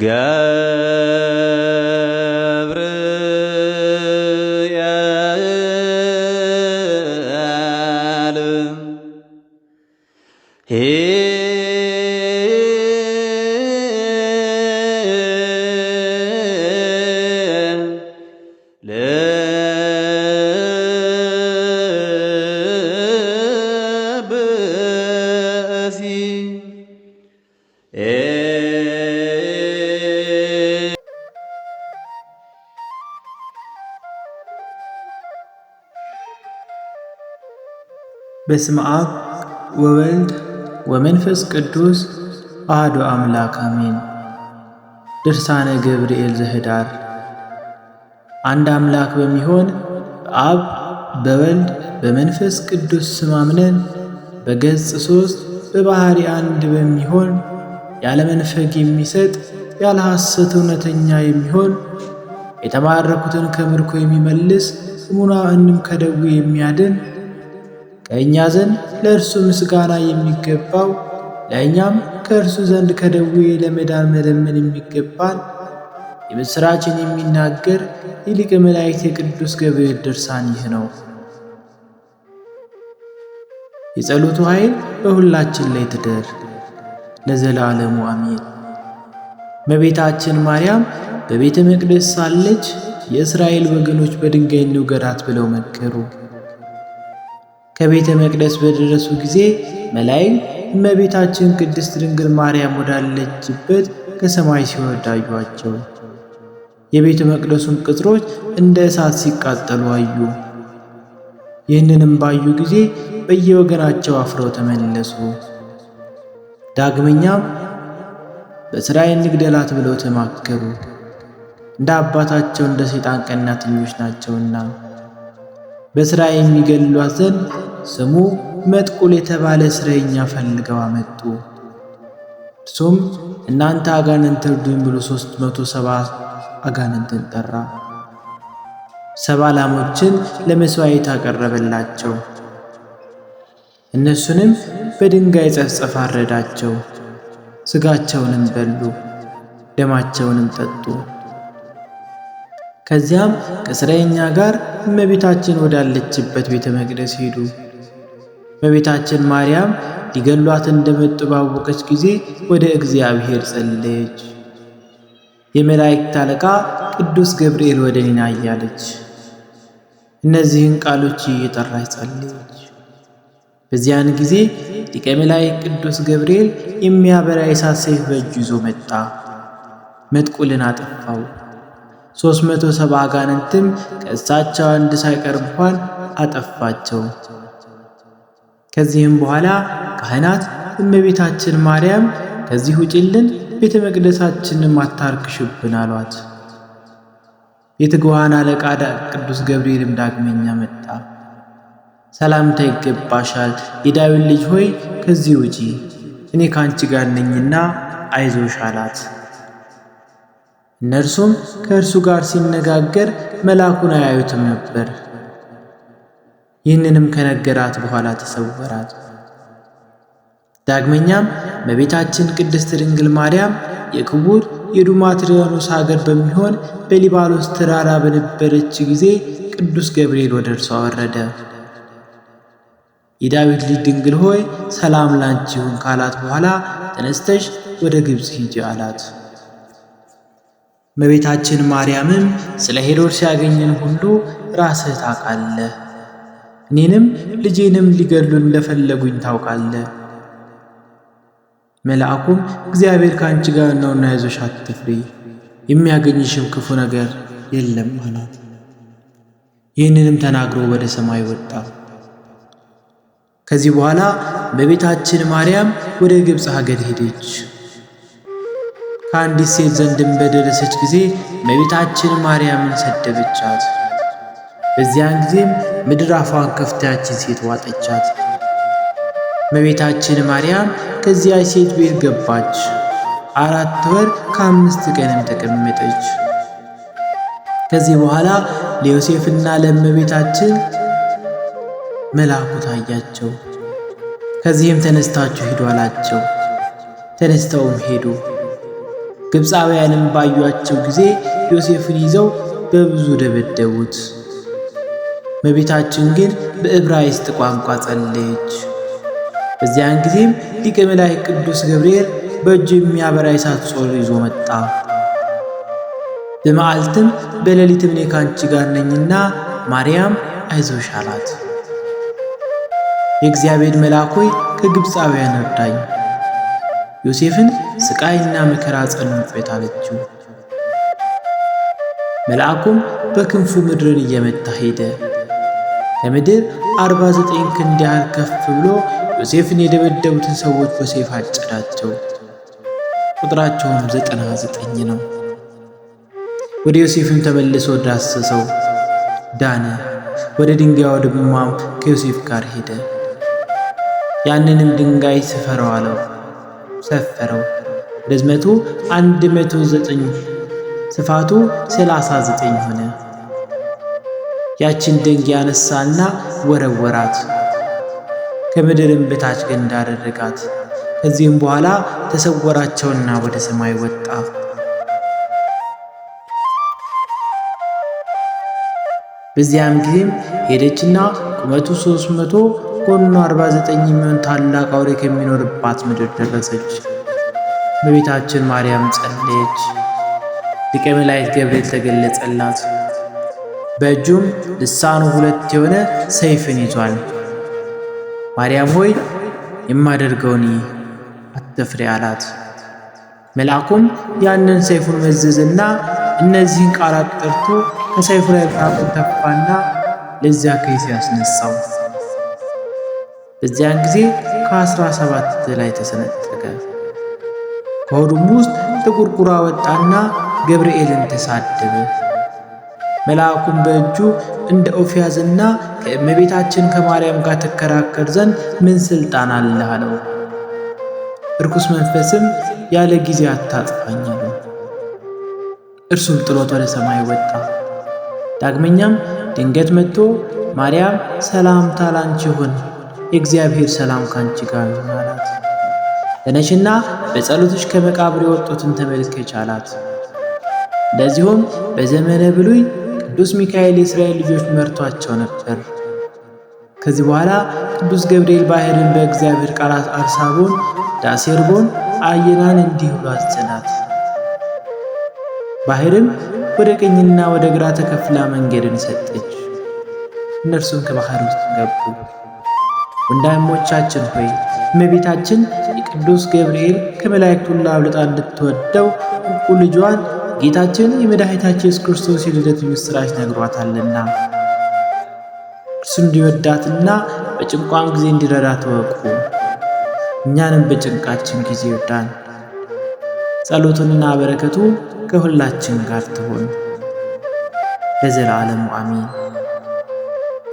قال በስመ አብ ወወልድ ወመንፈስ ቅዱስ አህዶ አምላክ አሜን። ድርሳነ ገብርኤል ዘህዳር አንድ አምላክ በሚሆን በአብ በወልድ በመንፈስ ቅዱስ ስም አምነን በገጽ ሦስት በባሕሪ አንድ በሚሆን ያለ መንፈግ የሚሰጥ ያለ ሐሰት እውነተኛ የሚሆን የተማረኩትን ከምርኮ የሚመልስ ሕሙማንን ከደዌ የሚያድን ከእኛ ዘንድ ለእርሱ ምስጋና የሚገባው ለእኛም ከእርሱ ዘንድ ከደዌ ለመዳን መለመን የሚገባን የምሥራችን የሚናገር የሊቀ መላእክት የቅዱስ ገብርኤል ድርሳን ይህ ነው። የጸሎቱ ኃይል በሁላችን ላይ ትደር ለዘላለሙ አሜን። መቤታችን ማርያም በቤተ መቅደስ ሳለች የእስራኤል ወገኖች በድንጋይ እንውገራት ብለው መከሩ። ከቤተ መቅደስ በደረሱ ጊዜ መላእክት እመቤታችን ቅድስት ድንግል ማርያም ወዳለችበት ከሰማይ ሲወርድ አዩአቸው። የቤተ መቅደሱን ቅጥሮች እንደ እሳት ሲቃጠሉ አዩ። ይህንንም ባዩ ጊዜ በየወገናቸው አፍረው ተመለሱ። ዳግመኛም በስራይ እንግደላት ብለው ተማከሩ፣ እንደ አባታቸው እንደ ሰይጣን ቀናተኞች ናቸውና በስራይ የሚገድሏት ዘንድ ስሙ መጥቁል የተባለ እስረኛ ፈልገው አመጡ። እርሱም እናንተ አጋንንት እርዱኝ ብሎ ሦስት መቶ ሰባ አጋንንትን ጠራ። ሰባ ላሞችን ለመሥዋዕት አቀረበላቸው። እነሱንም በድንጋይ ጸፍጸፍ አረዳቸው። ሥጋቸውንም በሉ፣ ደማቸውንም ጠጡ። ከዚያም ከእስረኛ ጋር እመቤታችን ወዳለችበት ቤተ መቅደስ ሄዱ። እመቤታችን ማርያም ሊገሏት እንደመጡ ባወቀች ጊዜ ወደ እግዚአብሔር ጸለየች። የመላእክት አለቃ ቅዱስ ገብርኤል ወደ እኔ እያለች እነዚህን ቃሎች እየጠራች ጸለየች። በዚያን ጊዜ ሊቀ መላእክት ቅዱስ ገብርኤል የሚያበራ የእሳት ሰይፍ በእጁ ይዞ መጣ። መጥቁልን አጠፋው። ሦስት መቶ ሰባ አጋንንትን ከእሳቸው አንድ ሳይቀር እንኳን አጠፋቸው። ከዚህም በኋላ ካህናት እመቤታችን ማርያም ከዚህ ውጪልን፣ ቤተ መቅደሳችንም አታርክሽብን አሏት። የትግዋን አለቃ ቅዱስ ገብርኤልም ዳግመኛ መጣ። ሰላምታ ይገባሻል፣ የዳዊት ልጅ ሆይ ከዚህ ውጪ፣ እኔ ከአንቺ ጋር ነኝና አይዞሽ አላት። እነርሱም ከእርሱ ጋር ሲነጋገር መልአኩን አያዩትም ነበር። ይህንንም ከነገራት በኋላ ተሰወራት። ዳግመኛም እመቤታችን ቅድስት ድንግል ማርያም የክቡር የዱማትሪያኖስ ሀገር በሚሆን በሊባኖስ ተራራ በነበረች ጊዜ ቅዱስ ገብርኤል ወደ እርሷ ወረደ። የዳዊት ልጅ ድንግል ሆይ ሰላም ላንቺ ይሁን ካላት በኋላ ተነስተሽ ወደ ግብፅ ሂጂ አላት። እመቤታችን ማርያምም ስለ ሄሮድስ ያገኘን ሁሉ ራስህ ታውቃለህ እኔንም ልጄንም ሊገሉ እንደፈለጉኝ ታውቃለ መልአኩም እግዚአብሔር ከአንቺ ጋር ነውና አይዞሽ አትፍሪ፣ የሚያገኝሽም ክፉ ነገር የለም አላት። ይህንንም ተናግሮ ወደ ሰማይ ወጣ። ከዚህ በኋላ በቤታችን ማርያም ወደ ግብፅ ሀገር ሄደች። ከአንዲት ሴት ዘንድም በደረሰች ጊዜ በቤታችን ማርያምን ሰደበቻት። በዚያን ጊዜም ምድር አፏን ከፍታ ሴት ዋጠቻት። እመቤታችን ማርያም ከዚያ ሴት ቤት ገባች። አራት ወር ከአምስት ቀንም ተቀመጠች። ከዚህ በኋላ ለዮሴፍና ለእመቤታችን መልአኩ ታያቸው። ከዚህም ተነስታችሁ ሂዱ አላቸው። ተነስተውም ሄዱ። ግብፃውያንም ባዩአቸው ጊዜ ዮሴፍን ይዘው በብዙ ደበደቡት። እመቤታችን ግን በዕብራይስጥ ቋንቋ ጸለየች። በዚያን ጊዜም ሊቀ መላእክት ቅዱስ ገብርኤል በእጁ የሚያበራ የእሳት ጾር ይዞ መጣ። በመዓልትም በሌሊትም እኔ ካንቺ ጋር ነኝና ማርያም አይዞሽ አላት። የእግዚአብሔር መልአክ ሆይ ከግብፃውያን እርዳኝ፣ ዮሴፍን ስቃይና መከራ ጸንፎት አለችው። መልአኩም በክንፉ ምድርን እየመታ ሄደ። ለምድር 49 ክንድ ያህል ከፍ ብሎ ዮሴፍን የደበደቡትን ሰዎች በሰይፍ አጨዳቸው። ቁጥራቸውም 99 ነው። ወደ ዮሴፍም ተመልሶ ዳሰሰው፣ ዳነ። ወደ ድንጋይ ድማም ከዮሴፍ ጋር ሄደ። ያንንም ድንጋይ ስፈረው አለው። ሰፈረው። ርዝመቱ 109 ስፋቱ 39 ሆነ። ያችን ደንግ ያነሳና ወረወራት፣ ከምድርም በታች ገንዳ አደረጋት። ከዚህም በኋላ ተሰወራቸውና ወደ ሰማይ ወጣ። በዚያም ጊዜም ሄደችና ቁመቱ 300 ጎኑ 49 የሚሆን ታላቅ አውሬ ከሚኖርባት ምድር ደረሰች። በቤታችን ማርያም ጸለየች። ሊቀ መላእክት ገብርኤል ተገለጸላት። በእጁም ልሳኑ ሁለት የሆነ ሰይፍን ይዟል። ማርያም ሆይ የማደርገውን አትፍሪ አላት። መልአኩም ያንን ሰይፉን መዘዝና እነዚህን ቃላት ጠርቶ ከሰይፉ ላይ ምራቁን ተፋና ለዚያ ከይስ ያስነሳው። በዚያን ጊዜ ከአስራ ሰባት ላይ ተሰነጠቀ። ከሆዱም ውስጥ ጥቁር ቁራ ወጣና ገብርኤልን ተሳደበ። መልአኩም በእጁ እንደ ኦፊያዝና ከእመቤታችን ከማርያም ጋር ትከራከር ዘንድ ምን ስልጣን አለ አለው። እርኩስ መንፈስም ያለ ጊዜ አታጥፋኝ አለው። እርሱም ጥሎት ወደ ሰማይ ወጣ። ዳግመኛም ድንገት መጥቶ ማርያም ሰላምታ ላንቺ ይሁን፣ የእግዚአብሔር ሰላም ካንቺ ጋር ይሁን አላት። ተነሽና በጸሎትሽ ከመቃብር የወጡትን ተመልከች አላት። እንደዚሁም በዘመነ ብሉይ ቅዱስ ሚካኤል የእስራኤል ልጆች መርቷቸው ነበር። ከዚህ በኋላ ቅዱስ ገብርኤል ባሕርን በእግዚአብሔር ቃላት አርሳቦን ዳሴርቦን አየናን እንዲህ ብሎ አዘናት። ባሕርም ወደ ቀኝና ወደ ግራ ተከፍላ መንገድን ሰጠች። እነርሱም ከባሕር ውስጥ ገቡ። ወንድሞቻችን ሆይ እመቤታችን የቅዱስ ገብርኤል ከመላእክት ሁሉ አብልጣ እንድትወደው ዕንቁ ልጇን ጌታችን የመድኃኒታችን ኢየሱስ ክርስቶስ የልደት ምስራች ነግሯታልና እርሱ እንዲወዳትና በጭንቋን ጊዜ እንዲረዳ ተወቁ። እኛንም በጭንቃችን ጊዜ ይወዳን። ጸሎቱንና በረከቱ ከሁላችን ጋር ትሆን ለዘላለሙ አሚን።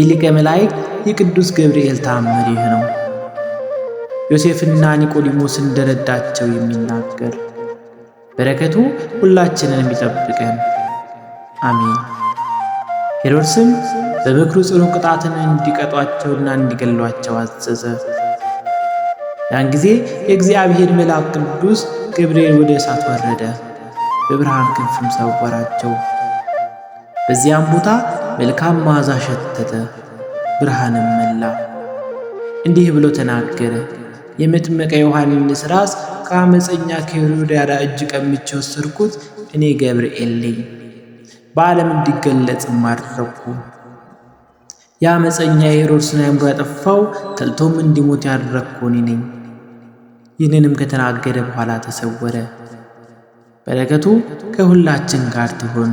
የሊቀ መላእክት የቅዱስ ገብርኤል ተአምር ይህ ነው። ዮሴፍና ኒቆዲሞስ እንደረዳቸው የሚናገር በረከቱ ሁላችንን የሚጠብቀን አሜን። ሄሮድስም በምክሩ ጽኑ ቅጣትን እንዲቀጧቸውና እንዲገሏቸው አዘዘ። ያን ጊዜ የእግዚአብሔር መልአክ ቅዱስ ገብርኤል ወደ እሳት ወረደ፣ በብርሃን ክንፍም ሰወራቸው። በዚያም ቦታ መልካም መዓዛ ሸተተ፣ ብርሃንም መላ። እንዲህ ብሎ ተናገረ፣ የመጥመቀ ዮሐንስ ራስ ከአመፀኛ ከሄሮድያዳ እጅ ቀምቼ ወሰድኩት እኔ ገብርኤል ነኝ። በዓለም እንዲገለጽም አደረግኩ። የአመፀኛ የሄሮድስን አእምሮ ያጠፋው ተልቶም እንዲሞት ያደረግኩ እኔ ነኝ። ይህንንም ከተናገደ በኋላ ተሰወረ። በረከቱ ከሁላችን ጋር ትሆን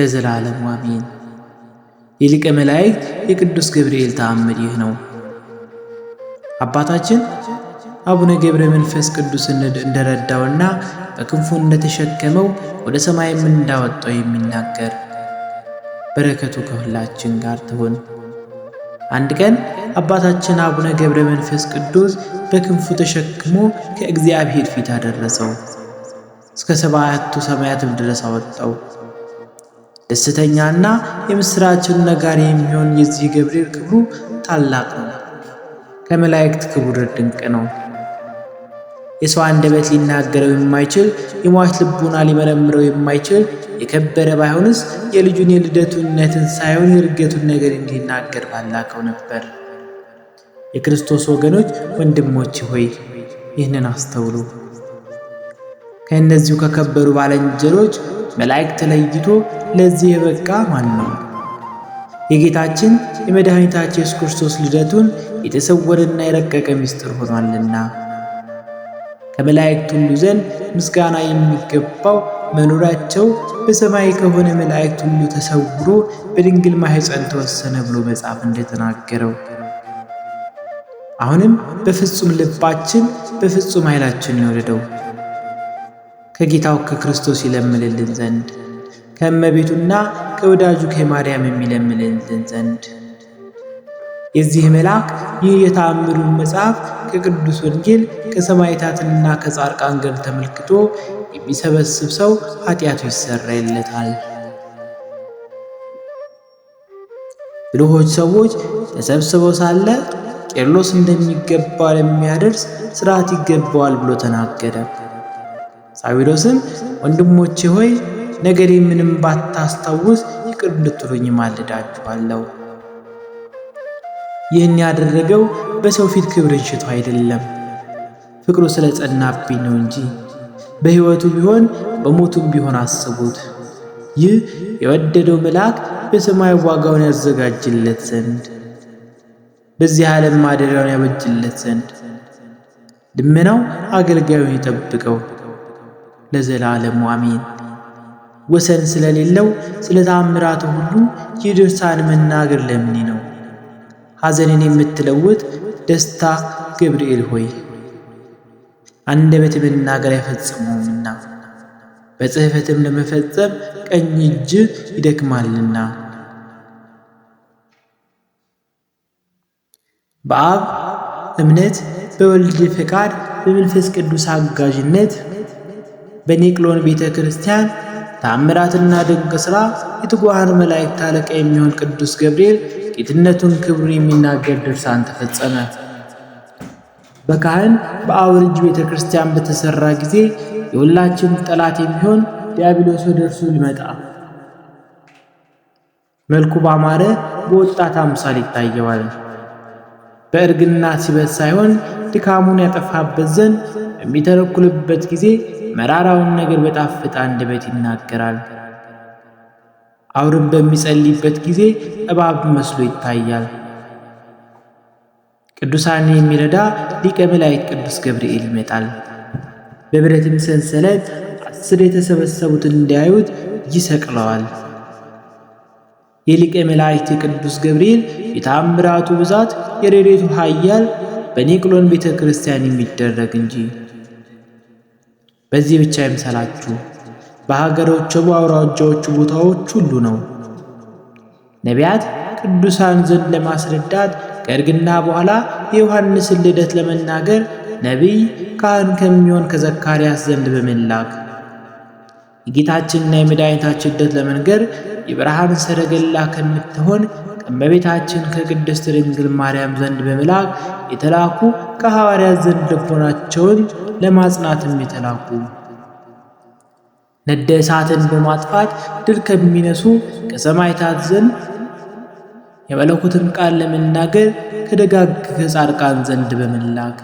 ለዘላለም አሜን። የሊቀ መላእክት የቅዱስ ገብርኤል ተአምር ይህ ነው። አባታችን አቡነ ገብረ መንፈስ ቅዱስን እንደረዳውና በክንፉ እንደተሸከመው ወደ ሰማይም እንዳወጣው የሚናገር በረከቱ ከሁላችን ጋር ትሆን። አንድ ቀን አባታችን አቡነ ገብረ መንፈስ ቅዱስ በክንፉ ተሸክሞ ከእግዚአብሔር ፊት አደረሰው። እስከ ሰባቱ ሰማያትም ድረስ አወጣው። ደስተኛና የምስራችን ነጋሪ የሚሆን የዚህ ገብርኤል ክብሩ ታላቅ ነው። ከመላእክት ክቡር ድንቅ ነው። የሰው አንደበት ሊናገረው የማይችል የሟች ልቡና ሊመረምረው የማይችል የከበረ ባይሆንስ የልጁን የልደቱነትን ሳይሆን የእርገቱን ነገር እንዲናገር ባላከው ነበር። የክርስቶስ ወገኖች ወንድሞች ሆይ ይህንን አስተውሉ። ከእነዚሁ ከከበሩ ባለንጀሮች መላእክት ተለይቶ ለዚህ የበቃ ማን ነው? የጌታችን የመድኃኒታችን ኢየሱስ ክርስቶስ ልደቱን የተሰወረና የረቀቀ ምስጢር ሆኗልና ከመላእክት ሁሉ ዘንድ ምስጋና የሚገባው መኖራቸው በሰማይ ከሆነ መላእክት ሁሉ ተሰውሮ በድንግል ማኅፀን ተወሰነ ብሎ መጽሐፍ እንደተናገረው አሁንም በፍጹም ልባችን በፍጹም ኃይላችን ይወደደው ከጌታው ከክርስቶስ ይለምልልን ዘንድ ከእመቤቱና ከወዳጁ ከማርያም የሚለምልልን ዘንድ የዚህ መልአክ ይህ የተአምሩን መጽሐፍ ከቅዱስ ወንጌል ከሰማዕታትና ከጻድቃን ገር ተመልክቶ የሚሰበስብ ሰው ኃጢአቱ ይሰረይለታል። ብልሆች ሰዎች ተሰብስበው ሳለ ቄርሎስ እንደሚገባ ለሚያደርስ ስርዓት ይገባዋል ብሎ ተናገረ። ሳዊሮስም ወንድሞቼ ሆይ ነገሬ ምንም ባታስታውስ ይቅር እንድትሉኝ ማልዳችኋለሁ ይህን ያደረገው በሰው ፊት ክብርን ሽቶ አይደለም፣ ፍቅሩ ጸናብኝ ነው እንጂ። በሕይወቱ ቢሆን በሞቱም ቢሆን አስቡት። ይህ የወደደው መልአክ በሰማይ ዋጋውን ያዘጋጅለት ዘንድ በዚህ ዓለም ማደሪያውን ያበጅለት ዘንድ ልመናው አገልጋዩን ይጠብቀው ለዘላለሙ አሜን። ወሰን ስለሌለው ስለ ታምራቱ ሁሉ የድርሳን መናገር ለምኔ ነው። ሐዘንን የምትለውጥ ደስታ ገብርኤል ሆይ አንደበት መናገር አይፈጽመውምና በጽሕፈትም ለመፈጸም ቀኝ እጅ ይደክማልና በአብ እምነት በወልድ ፈቃድ በመንፈስ ቅዱስ አጋዥነት በኒቅሎን ቤተ ክርስቲያን ተአምራትና ድንቅ ሥራ የትጉሃን መላእክት አለቃ የሚሆን ቅዱስ ገብርኤል ጌትነቱን ክብሩን የሚናገር ድርሳን ተፈጸመ። በካህን በአውርጅ ቤተ ክርስቲያን በተሠራ ጊዜ የሁላችን ጠላት የሚሆን ዲያብሎስ ወደ እርሱ ሊመጣ መልኩ ባማረ በወጣት አምሳል ይታየዋል። በእርግና ሲበት ሳይሆን ድካሙን ያጠፋበት ዘንድ በሚተረኩልበት ጊዜ መራራውን ነገር በጣፈጠ አንደበት ይናገራል። አውርም በሚጸልይበት ጊዜ እባብ መስሎ ይታያል። ቅዱሳን የሚረዳ ሊቀ መላእክት ቅዱስ ገብርኤል ይመጣል። በብረትም ሰንሰለት አስር የተሰበሰቡትን እንዲያዩት ይሰቅለዋል። የሊቀ መላእክት ቅዱስ ገብርኤል የታምራቱ ብዛት የረድኤቱ ኃያል በኒቅሎን ቤተ ክርስቲያን የሚደረግ እንጂ በዚህ ብቻ ይምሰላችሁ። በሀገሮች በአውራጃዎቹ ቦታዎች ሁሉ ነው። ነቢያት ቅዱሳን ዘንድ ለማስረዳት ከእርግና በኋላ የዮሐንስን ልደት ለመናገር ነቢይ ካህን ከሚሆን ከዘካርያስ ዘንድ በመላክ የጌታችንና የመድኃኒታችን ልደት ለመንገር የብርሃን ሰረገላ ከምትሆን ከእመቤታችን ከቅድስት ድንግል ማርያም ዘንድ በመላክ የተላኩ ከሐዋርያት ዘንድ ልቦናቸውን ለማጽናትም የተላኩ ነደ እሳትን በማጥፋት ድል ከሚነሱ ከሰማዕታት ዘንድ የመለኮትን ቃል ለመናገር ከደጋግ ከጻድቃን ዘንድ በመላክ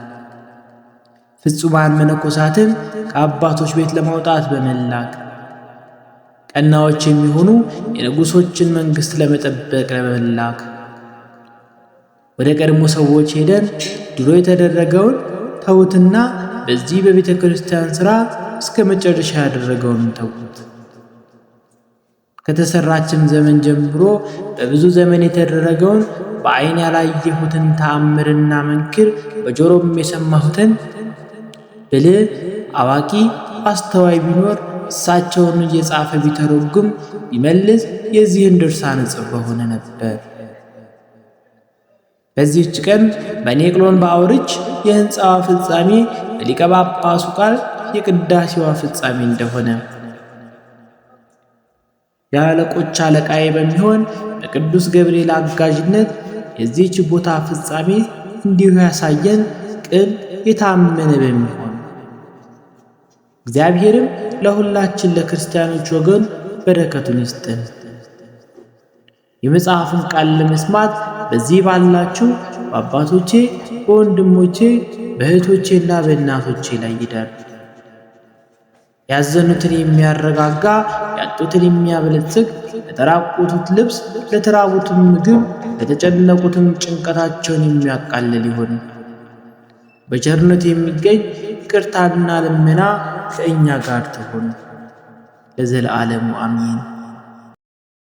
ፍጹማን መነኮሳትን ከአባቶች ቤት ለማውጣት በመላክ ቀናዎች የሚሆኑ የንጉሶችን መንግሥት ለመጠበቅ በመላክ ወደ ቀድሞ ሰዎች ሄደን ድሮ የተደረገውን ተውትና በዚህ በቤተ ክርስቲያን ሥራ እስከ መጨረሻ ያደረገውን ተዉት። ከተሰራችም ዘመን ጀምሮ በብዙ ዘመን የተደረገውን በዓይን ያላየሁትን ተአምርና መንክር በጆሮም የሰማሁትን ብልህ አዋቂ አስተዋይ ቢኖር እሳቸውን እየጻፈ ቢተረጉም ቢመልስ የዚህን ድርሳን ጽፎ ሆነ ነበር። በዚህች ቀን በኔቅሎን በአውርች የሕንፃዋ ፍጻሜ በሊቀ ጳጳሱ ቃል የቅዳሴዋ ፍጻሜ እንደሆነ የአለቆች አለቃዬ በሚሆን በቅዱስ ገብርኤል አጋዥነት የዚህች ቦታ ፍጻሜ እንዲሁ ያሳየን ቅን የታመነ በሚሆን እግዚአብሔርም ለሁላችን ለክርስቲያኖች ወገን በረከቱን ይስጥን። የመጽሐፍን ቃል ለመስማት በዚህ ባላችሁ በአባቶቼ፣ በወንድሞቼ፣ በእህቶቼና በእናቶቼ ላይ ይደር። ያዘኑትን የሚያረጋጋ፣ ያጡትን የሚያበለጽግ፣ ለተራቁቱት ልብስ፣ ለተራቡትም ምግብ፣ ለተጨነቁትም ጭንቀታቸውን የሚያቃልል ይሆን። በቸርነት የሚገኝ ይቅርታና ልመና ከእኛ ጋር ትሆን ለዘለዓለሙ አሚን።